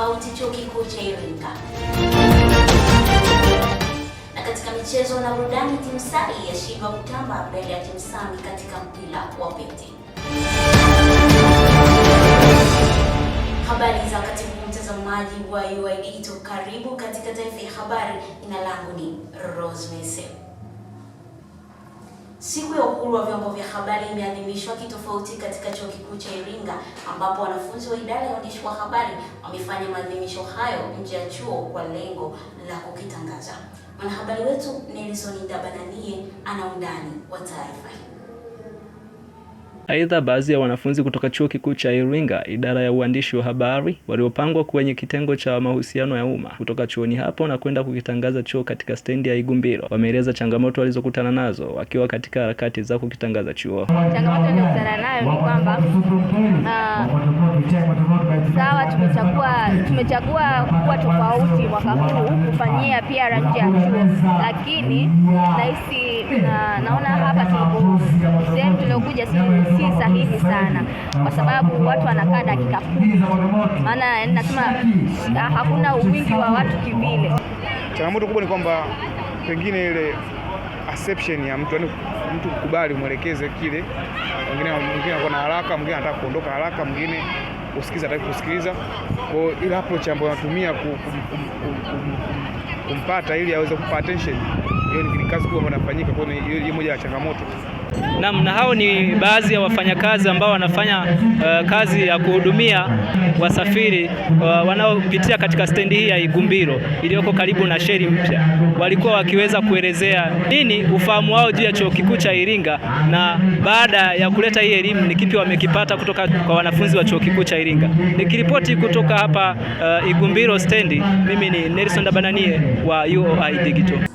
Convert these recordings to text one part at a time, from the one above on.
tofauti chuo kikuu cha Iringa. Na katika michezo na burudani, timu Sari yashindwa kutamba mbele ya timu Sami katika mpira wa pete. Habari za wakati huu, mtazamaji wa UoI Digital, e, karibu katika taifa ya habari. Jina langu ni Mesem. Siku ya uhuru wa vyombo vya habari imeadhimishwa kitofauti katika Chuo Kikuu cha Iringa ambapo wanafunzi wa idara ya uandishi wa habari wamefanya maadhimisho hayo nje ya chuo kwa lengo la kukitangaza. Mwanahabari wetu Nelson dabananie ana undani wa taarifa hii. Aidha, baadhi ya wanafunzi kutoka Chuo Kikuu cha Iringa, idara ya uandishi wa habari, waliopangwa kwenye kitengo cha mahusiano ya umma kutoka chuoni hapo na kwenda kukitangaza chuo katika stendi ya Igumbiro, wameeleza changamoto walizokutana nazo wakiwa katika harakati za kukitangaza chuo. Changamoto nilizokutana nayo ni kwamba uh, sawa tumechagua tumechagua kuwa tofauti mwaka huu kufanyia pia nje ya chuo, lakini nahisi na, naona hapa tulipo sehemu tuliokuja si si sahihi sana, kwa sababu watu wanakaa dakika kumi. Maana nasema ah, hakuna wingi wa watu kivile. Changamoto kubwa ni kwamba pengine ile perception ya mtu, yani mtu kukubali mwelekeze kile. Mwingine mwingine anakuwa na haraka, mwingine anataka kuondoka haraka, mwingine usikiza hataki kusikiliza. Kwa hiyo ile approach ambayo anatumia kumpata ili aweze kupa attention, hiyo ni kazi kubwa ambayo inafanyika. Kwa hiyo ni moja ya changamoto. Naam, na hao ni baadhi ya wafanyakazi ambao wanafanya uh, kazi ya kuhudumia wasafiri uh, wanaopitia katika stendi hii ya Igumbiro iliyoko karibu na sheri mpya. Walikuwa wakiweza kuelezea nini ufahamu wao juu ya chuo kikuu cha Iringa na baada ya kuleta hii elimu ni kipi wamekipata kutoka kwa wanafunzi wa chuo kikuu cha Iringa. Nikiripoti kutoka hapa uh, Igumbiro stendi, mimi ni Nelson Dabananie wa UoI Digital.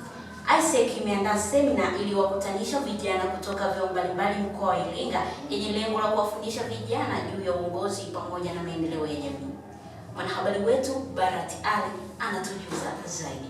ISEC imeandaa semina iliyowakutanisha vijana kutoka vyuo mbalimbali mkoa wa Iringa yenye lengo la kuwafundisha vijana juu ya uongozi pamoja na maendeleo ya jamii. Mwanahabari wetu Barat Ali anatujuza zaidi.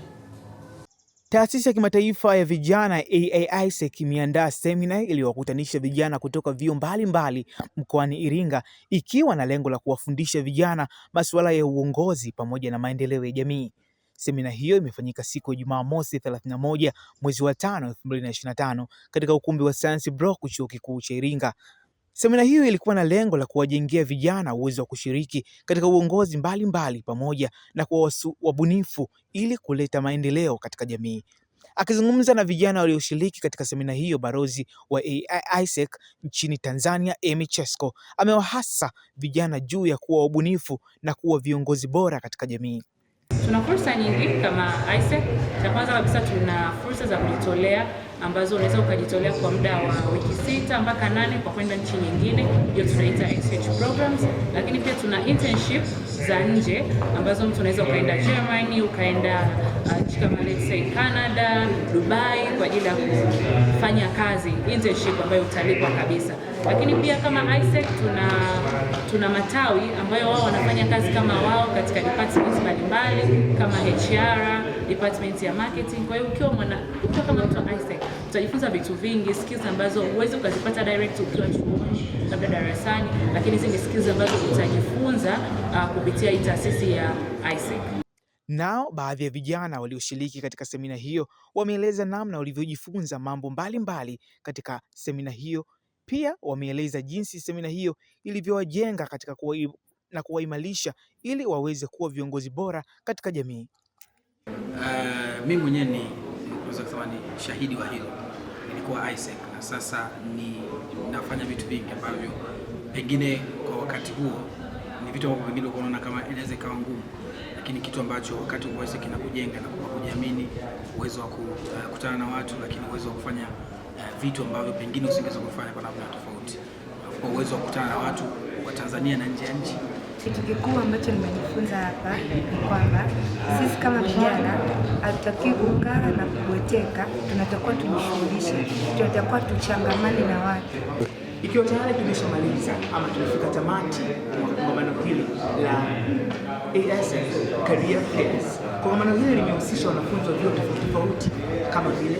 Taasisi ya kimataifa ya vijana AAI e imeandaa semina iliyowakutanisha vijana kutoka vyuo mbalimbali mkoani Iringa ikiwa na lengo la kuwafundisha vijana masuala ya uongozi pamoja na maendeleo ya jamii. Semina hiyo imefanyika siku ya Jumamosi 31 mwezi wa 5 2025 katika ukumbi wa Science Block Chuo Kikuu cha Iringa. Semina hiyo ilikuwa na lengo la kuwajengea vijana uwezo wa kushiriki katika uongozi mbalimbali mbali, pamoja na kuwa wabunifu ili kuleta maendeleo katika jamii. Akizungumza na vijana walioshiriki katika semina hiyo, balozi wa AISEC nchini Tanzania Emy Chesko amewahasa vijana juu ya kuwa wabunifu na kuwa viongozi bora katika jamii. Tuna fursa nyingi kama ISEC. Cha kwanza kabisa tuna fursa za kujitolea ambazo unaweza ukajitolea kwa muda wa wiki sita mpaka nane kwa kwenda nchi nyingine, hiyo tunaita exchange programs. Lakini pia tuna internship za nje ambazo mtu unaweza ukaenda Germany, ukaenda uh, kama let's say Canada, Dubai kwa ajili ya kufanya kazi internship ambayo utalipwa kabisa. Lakini pia kama ISEC tuna tuna matawi ambayo wao wanafanya kazi kama wao katika departments mbalimbali kama HR, department ya marketing. Kwa hiyo ukiwa mwana ukiwa kama mtu ISEC utajifunza vitu vingi, skills ambazo huwezi ukazipata direct ukiwa chuoni labda darasani, lakini hizi ni skills ambazo utajifunza uh, kupitia hii taasisi ya ISEC. Nao baadhi ya vijana walioshiriki katika semina hiyo wameeleza namna walivyojifunza mambo mbalimbali mbali katika semina hiyo pia wameeleza jinsi semina hiyo ilivyowajenga katika kuwa na kuwaimarisha ili waweze kuwa viongozi bora katika jamii. Uh, mimi mwenyewe ni naweza kusema ni shahidi wa hilo. Nilikuwa Isaac e na sasa ni nafanya vitu vingi ambavyo pengine kwa wakati huo ni vitu ambavyo pengine unaona kama inaweza ikawa ngumu, lakini kitu ambacho wakati huo Isaac e kinakujenga na kujiamini, uwezo wa eh, kukutana na watu, lakini uwezo wa kufanya vitu ambavyo pengine usingeweza kufanya kwa namna tofauti, kwa uwezo wa kukutana na watu wa Tanzania na nje ya nchi. Kitu kikubwa ambacho nimejifunza hapa ni kwamba sisi kama vijana hatutaki kukaa na kubweteka, tunatakiwa tujishughulishe, tunatakiwa tuchangamane na watu. Ikiwa tayari tumeshamaliza ama tumefika tamati kwa kongamano hili la ASF Career Fairs, kongamano hili limehusisha wanafunzi wa vyuo tofauti tofauti kama vile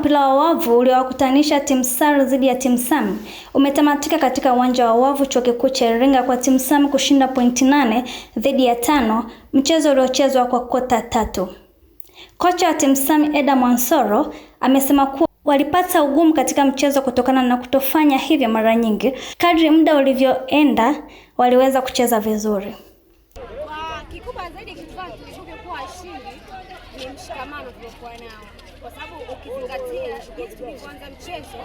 mpira wa wavu uliowakutanisha timu Saru dhidi ya timu Sami umetamatika katika uwanja wa wavu chuo kikuu cha Iringa kwa timu Sami kushinda pointi nane dhidi ya tano, mchezo uliochezwa kwa kota tatu. Kocha wa timu Sami Eda Mwansoro amesema kuwa walipata ugumu katika mchezo kutokana na kutofanya hivyo mara nyingi. Kadri muda ulivyoenda, waliweza kucheza vizuri. jinsi tulivyoanza mchezo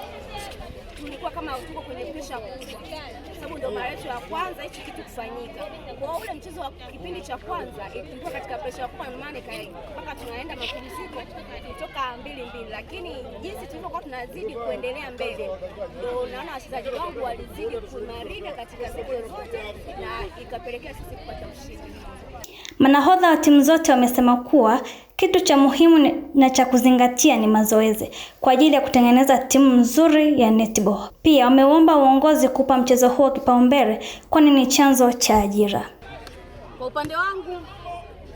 tulikuwa kama tuko kwenye presha kubwa, kwa sababu ndio mara yetu ya kwanza hichi kitu kufanyika. Kwa ule mchezo wa kipindi cha kwanza ilikuwa katika presha kubwa, maana mpaka tunaenda mapumziko kutoka mbili mbili, lakini jinsi tulivyokuwa tunazidi kuendelea mbele, ndio naona wachezaji wangu walizidi kuimarika katika sekta zote na ikapelekea sisi kupata ushindi. Manahodha wa timu zote wamesema kuwa kitu cha muhimu na cha kuzingatia ni mazoezi kwa ajili ya kutengeneza timu nzuri ya netball. Pia wameomba uongozi kupa mchezo huo kipaumbele kwani ni chanzo cha ajira. Kwa upande wangu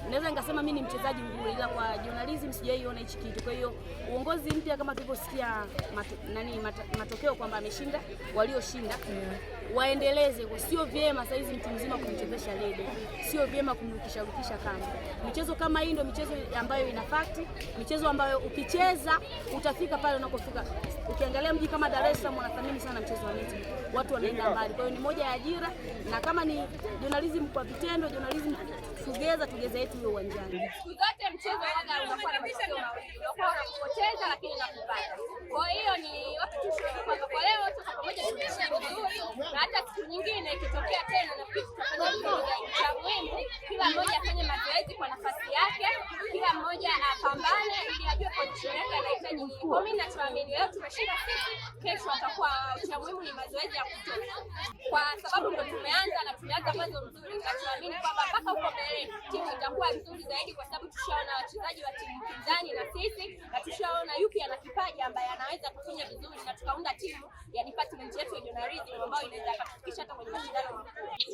naweza nikasema mimi ni mchezaji nguli, ila kwa journalism sijaiona hichi kitu. Kwa hiyo uongozi mpya kama tulivyosikia mat, nani matokeo kwamba ameshinda walioshinda, yeah. Waendeleze, sio vyema saizi hizi mtu mzima kumchezesha lede, sio vyema kumrukisha rukisha kamba. Michezo kama hii ndio michezo ambayo ina fact, michezo ambayo ukicheza utafika pale unakofika. Ukiangalia mji kama Dar es Salaam wanathamini sana mchezo wa neti, watu wanaenda mbali. Kwa hiyo ni moja ya ajira, na kama ni journalism kwa vitendo, journalism tugeza tugeza yetu hiyo uwanjani. Tuzote zote mchezo waga unakuwa na matokeo mawili, unakuwa unapoteza lakini unakupata. Kwa hiyo ni watu tushukuru kwamba kwa leo tuko pamoja, tumeisha vizuri, na hata siku nyingine ikitokea tena na kitu cha muhimu, kila mmoja afanye mazoezi kwa nafasi yake, kila mmoja apambane ili ajue position yake na kwa mimi natuamini leo tumeshinda sisi, kesho atakuwa cha muhimu ni mazoezi ya kutosha, kwa sababu tumeanza na tumeanza mwanzo mzuri. Natuamini kwamba mpaka huko mbele timu itakuwa nzuri zaidi, kwa sababu tushaona wachezaji wa timu pinzani na sisi, na tushaona yupi ana kipaji ambaye anaweza kufanya vizuri, na tukaunda timu ya department yetu ya journalism ambayo inaweza hata kwenye mashindano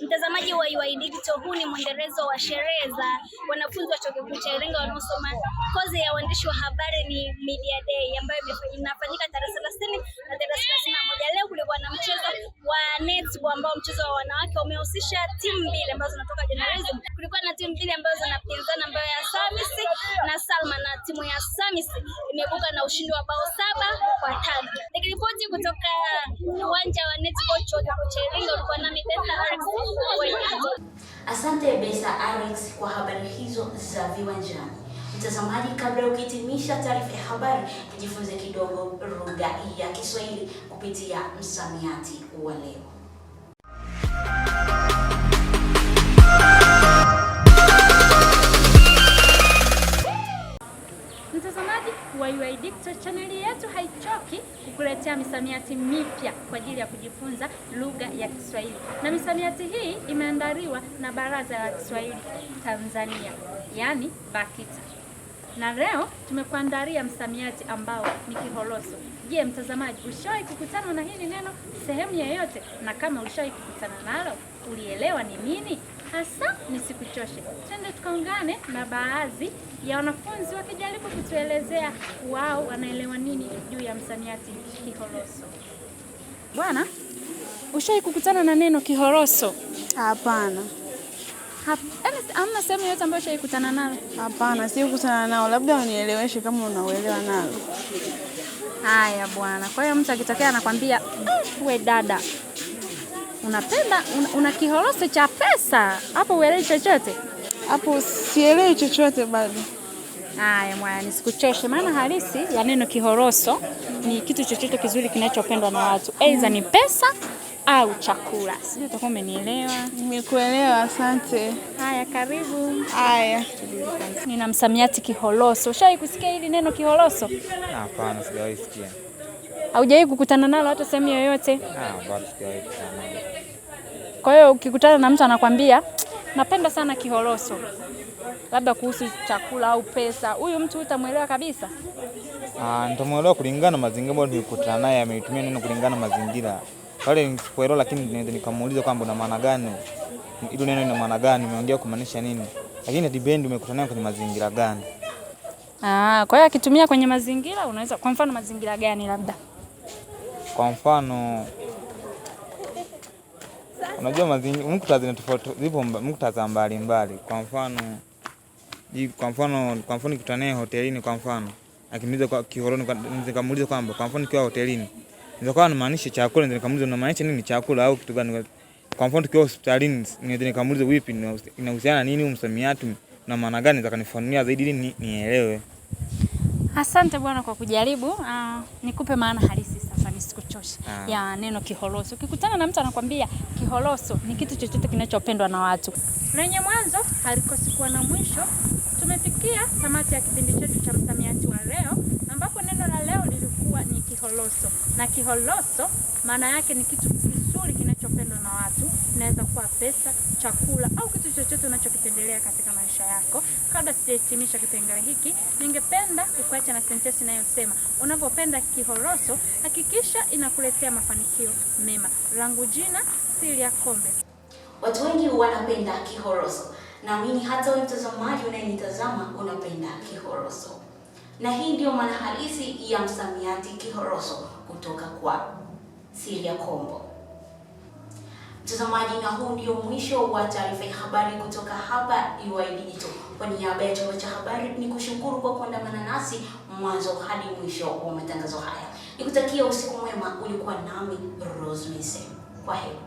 Mtazamaji wa UoI Digital, huu ni mwendelezo wa sherehe za wanafunzi wa Chuo Kikuu cha Iringa wanaosoma kozi ya uandishi wa habari, ni Media Day ambayo inafanyika tarehe thelathini na tarehe thelathini na moja. Leo kulikuwa na mchezo wa netball ambao mchezo wa wanawake umehusisha timu mbili ambazo zinatoka Journalism. Kulikuwa na timu mbili ambazo zinapinzana ambayo ya Samisi na Salma, na timu ya Samisi imeibuka na ushindi wa bao saba kwa tano. Nikiripoti kutoka uwanja wa netball chuo kikuu cha Iringa, ulikuwa nami Besa Alex. Asante Besa Alex kwa habari hizo za viwanjani. Mtazamaji, kabla ukihitimisha taarifa ya habari, tujifunze kidogo lugha ya Kiswahili kupitia msamiati wa leo. Mtazamaji wa UoI Digital channel yetu haichoki kukuletea misamiati mipya kwa ajili ya kujifunza lugha ya Kiswahili, na misamiati hii imeandaliwa na Baraza la Kiswahili Tanzania, yani BAKITA na leo tumekuandalia msamiati ambao ni kiholoso. Je, mtazamaji, ushawahi kukutana na hili neno sehemu yoyote? Na kama ushawahi kukutana nalo, ulielewa ni nini hasa? Nisikuchoshe, twende tukaungane na baadhi ya wanafunzi wakijaribu kutuelezea wao wanaelewa nini juu ya msamiati kiholoso. Bwana, ushawahi kukutana na neno kiholoso? Hapana. Amna sehemu yote ambayo shaikutana nalo? Hapana, sikutana nao, labda unieleweshe kama unauelewa nalo. Haya bwana, kwa hiyo mtu akitokea anakwambia mm, we dada unapenda una, una kihoroso cha pesa, hapo uelewi chochote? Hapo sielewi chochote bado. Haya mwana, nisikuchoshe, maana halisi ya neno kihoroso ni kitu chochote kizuri kinachopendwa na watu, aidha ni pesa au chakula. Sijui utakuwa umenielewa. Nimekuelewa, asante. Haya, karibu. Haya, nina msamiati kiholoso. Ushawahi kusikia hili neno kiholoso? Hapana, sijawahi sikia. Haujawahi kukutana nalo hata sehemu yoyote? Bado sijawahi kukutana Kwa hiyo ukikutana na mtu anakwambia napenda sana kiholoso, labda kuhusu chakula au pesa, huyu mtu utamwelewa kabisa? Ah, nitamwelewa kulingana na mazingira ambayo nimekutana naye, ameitumia neno kulingana na mazingira pale nikuelewa, lakini nikamuuliza kwamba una maana gani hilo neno, ina maana gani, umeongea kumaanisha nini, lakini dipendi umekutana nayo kwenye mazingira gani. Ah, kwa hiyo akitumia kwenye mazingira unaweza, kwa mfano mazingira gani? Labda kwa mfano unajua mazingira, muktadha zina tofauti, zipo muktadha mbali. Kwa mfano kwa mfano kwa mfano nikutana naye hotelini, kwa mfano akiniuliza kwa kihoroni, nikamuuliza kwamba kwa mfano nikiwa hotelini nilikuwa namaanisha chakula, ndio nikamuuliza unamaanisha nini chakula au kitu gani? Kwa mfano tukiwa hospitalini, ndio nikamuuliza wipi inahusiana nini huo msamiati na maana gani, zakanifanulia zaidi ili nielewe. Asante bwana kwa kujaribu. Uh, nikupe maana halisi sasa nisikuchoshe ah, ya neno kiholoso. Ukikutana na mtu anakwambia kiholoso ni kitu chochote kinachopendwa na watu, lenye mwanzo halikosi kuwa na mwisho. Tumefikia tamati ya kipindi chetu cha msamiati wa leo ambapo neno la leo ni kiholoso, na kiholoso maana yake ni kitu kizuri kinachopendwa na watu. Inaweza kuwa pesa, chakula au kitu chochote unachokipendelea katika maisha yako. Kabla sijahitimisha kipengele hiki, ningependa kukuacha na sentensi inayosema unapopenda kiholoso hakikisha inakuletea mafanikio mema. Langu jina Silia Kombe. Watu wengi wanapenda kiholoso, naamini hata wewe mtazamaji unayenitazama unapenda kiholoso na hii ndiyo maana halisi ya msamiati kihoroso kutoka kwa siria Kombo. Mtazamaji, na huu ndio mwisho wa taarifa ya habari kutoka hapa UoI Digital. Kwa niaba ya chombo cha habari, ni kushukuru kwa kuandamana nasi mwanzo hadi mwisho wa matangazo haya. Nikutakia usiku mwema. Ulikuwa nami Mise. Kwa heri.